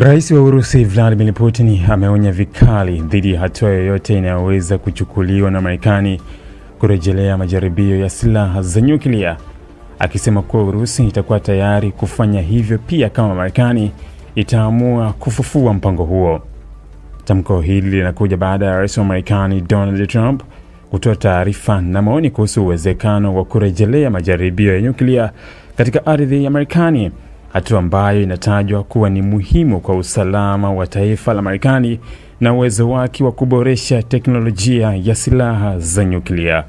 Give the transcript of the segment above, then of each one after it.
Rais wa Urusi Vladimir Putin ameonya vikali dhidi ya hatua yoyote inayoweza kuchukuliwa na Marekani kurejelea majaribio ya silaha za nyuklia, akisema kuwa Urusi itakuwa tayari kufanya hivyo pia kama Marekani itaamua kufufua mpango huo. Tamko hili linakuja baada ya Rais wa Marekani Donald Trump kutoa taarifa na maoni kuhusu uwezekano wa kurejelea majaribio ya nyuklia katika ardhi ya Marekani hatua ambayo inatajwa kuwa ni muhimu kwa usalama wa taifa la Marekani na uwezo wake wa kuboresha teknolojia ya silaha za nyuklia.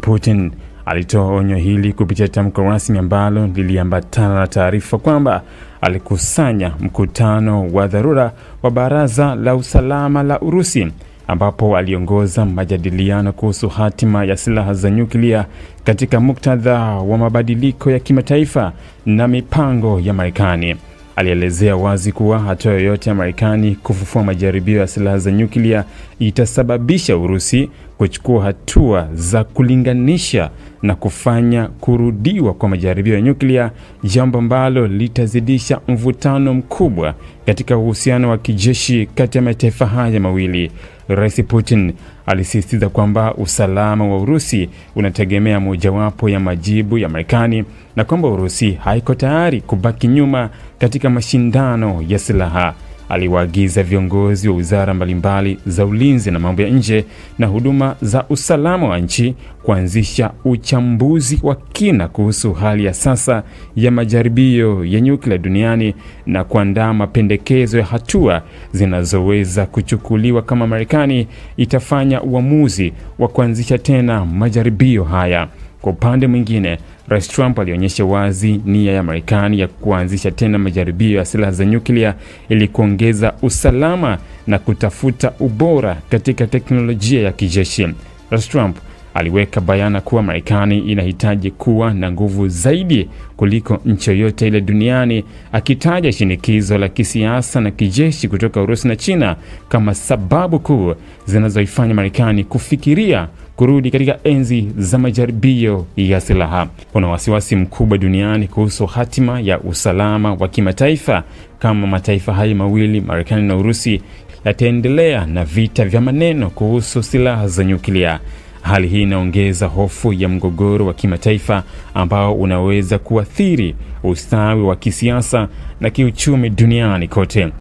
Putin alitoa onyo hili kupitia tamko rasmi ambalo liliambatana na taarifa kwamba alikusanya mkutano wa dharura wa Baraza la Usalama la Urusi ambapo aliongoza majadiliano kuhusu hatima ya silaha za nyuklia katika muktadha wa mabadiliko ya kimataifa na mipango ya Marekani. Alielezea wazi kuwa hatua yoyote ya Marekani kufufua majaribio ya silaha za nyuklia itasababisha Urusi kuchukua hatua za kulinganisha na kufanya kurudiwa kwa majaribio ya nyuklia, jambo ambalo litazidisha mvutano mkubwa katika uhusiano wa kijeshi kati ya mataifa haya mawili. Rais Putin alisisitiza kwamba usalama wa Urusi unategemea mojawapo ya majibu ya Marekani na kwamba Urusi haiko tayari kubaki nyuma katika mashindano ya silaha aliwaagiza viongozi wa wizara mbalimbali za ulinzi na mambo ya nje na huduma za usalama wa nchi kuanzisha uchambuzi wa kina kuhusu hali ya sasa ya majaribio ya nyuklia duniani na kuandaa mapendekezo ya hatua zinazoweza kuchukuliwa kama Marekani itafanya uamuzi wa kuanzisha tena majaribio haya. Kwa upande mwingine Rais Trump alionyesha wazi nia ya Marekani ya kuanzisha tena majaribio ya silaha za nyuklia ili kuongeza usalama na kutafuta ubora katika teknolojia ya kijeshi. Rais Trump aliweka bayana kuwa Marekani inahitaji kuwa na nguvu zaidi kuliko nchi yoyote ile duniani, akitaja shinikizo la kisiasa na kijeshi kutoka Urusi na China kama sababu kuu zinazoifanya Marekani kufikiria kurudi katika enzi za majaribio ya silaha. Kuna wasiwasi mkubwa duniani kuhusu hatima ya usalama wa kimataifa kama mataifa hayo mawili Marekani na Urusi yataendelea na vita vya maneno kuhusu silaha za nyuklia. Hali hii inaongeza hofu ya mgogoro wa kimataifa ambao unaweza kuathiri ustawi wa kisiasa na kiuchumi duniani kote.